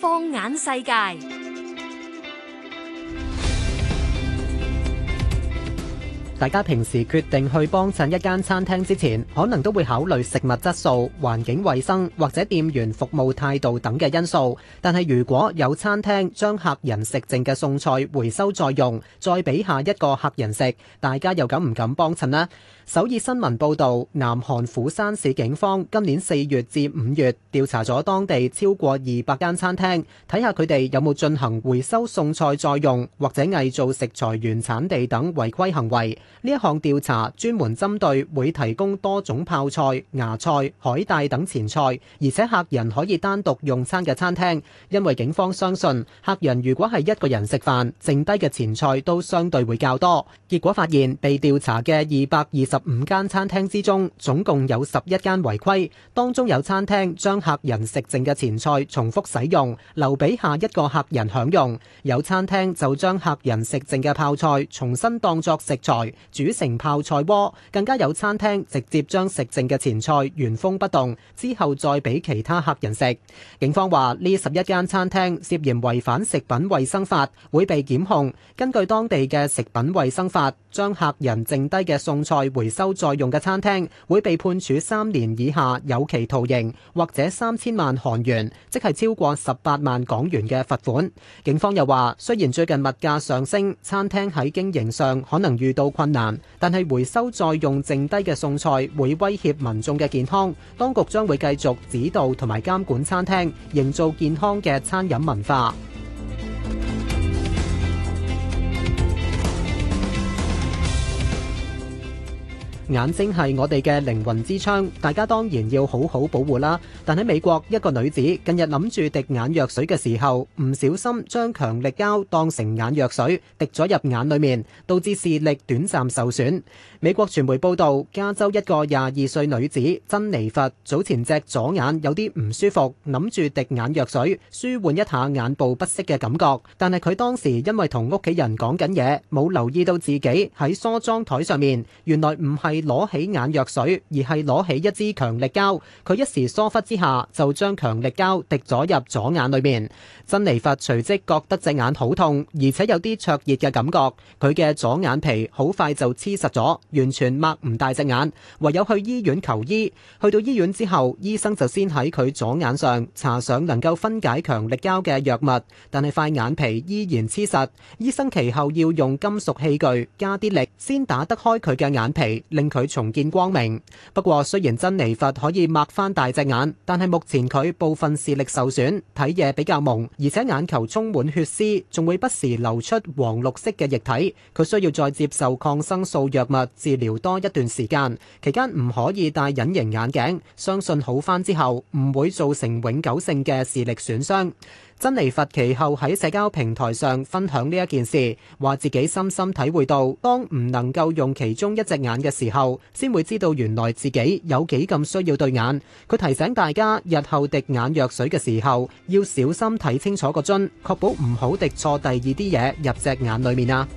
放眼世界。大家平時決定去幫襯一間餐廳之前，可能都會考慮食物質素、環境衛生，或者店員服務態度等嘅因素。但係，如果有餐廳將客人食剩嘅餸菜回收再用，再俾下一個客人食，大家又敢唔敢幫襯呢？首爾新聞報導，南韓釜山市警方今年四月至五月調查咗當地超過二百間餐廳，睇下佢哋有冇進行回收餸菜再用，或者偽造食材原產地等違規行為。呢一項調查專門針對會提供多種泡菜、芽菜、海帶等前菜，而且客人可以單獨用餐嘅餐廳，因為警方相信客人如果係一個人食飯，剩低嘅前菜都相對會較多。結果發現被調查嘅二百二十五間餐廳之中，總共有十一間違規，當中有餐廳將客人食剩嘅前菜重複使用，留俾下一個客人享用；有餐廳就將客人食剩嘅泡菜重新當作食材。煮成泡菜鍋，更加有餐廳直接將食剩嘅前菜原封不動，之後再俾其他客人食。警方話呢十一間餐廳涉嫌違反食品衛生法，會被檢控。根據當地嘅食品衛生法，將客人剩低嘅餸菜回收再用嘅餐廳，會被判處三年以下有期徒刑，或者三千萬韓元，即係超過十八萬港元嘅罰款。警方又話，雖然最近物價上升，餐廳喺經營上可能遇到困困難，但係回收再用剩低嘅餸菜，會威脅民眾嘅健康，當局將會繼續指導同埋監管餐廳，營造健康嘅餐飲文化。眼睛係我哋嘅靈魂之窗，大家當然要好好保護啦。但喺美國，一個女子近日諗住滴眼藥水嘅時候，唔小心將強力膠當成眼藥水滴咗入眼裏面，導致視力短暫受損。美國傳媒報道，加州一個廿二歲女子珍妮佛早前隻左眼有啲唔舒服，諗住滴眼藥水舒緩一下眼部不適嘅感覺，但係佢當時因為同屋企人講緊嘢，冇留意到自己喺梳妝台上面，原來唔係。攞起眼藥水，而係攞起一支強力膠。佢一時疏忽之下，就將強力膠滴咗入左眼裏面。珍妮佛隨即覺得隻眼好痛，而且有啲灼熱嘅感覺。佢嘅左眼皮好快就黐實咗，完全擘唔大隻眼，唯有去醫院求醫。去到醫院之後，醫生就先喺佢左眼上搽上能夠分解強力膠嘅藥物，但係塊眼皮依然黐實。醫生其後要用金屬器具加啲力，先打得開佢嘅眼皮。令佢重見光明。不過雖然珍妮佛可以擘翻大隻眼，但係目前佢部分視力受損，睇嘢比較蒙，而且眼球充滿血絲，仲會不時流出黃綠色嘅液體。佢需要再接受抗生素藥物治療多一段時間，期間唔可以戴隱形眼鏡。相信好翻之後，唔會造成永久性嘅視力損傷。珍妮佛其後喺社交平台上分享呢一件事，話自己深深體會到，當唔能夠用其中一隻眼嘅時候，先會知道原來自己有幾咁需要對眼。佢提醒大家日後滴眼藥水嘅時候，要小心睇清楚個樽，確保唔好滴錯第二啲嘢入隻眼裏面啊！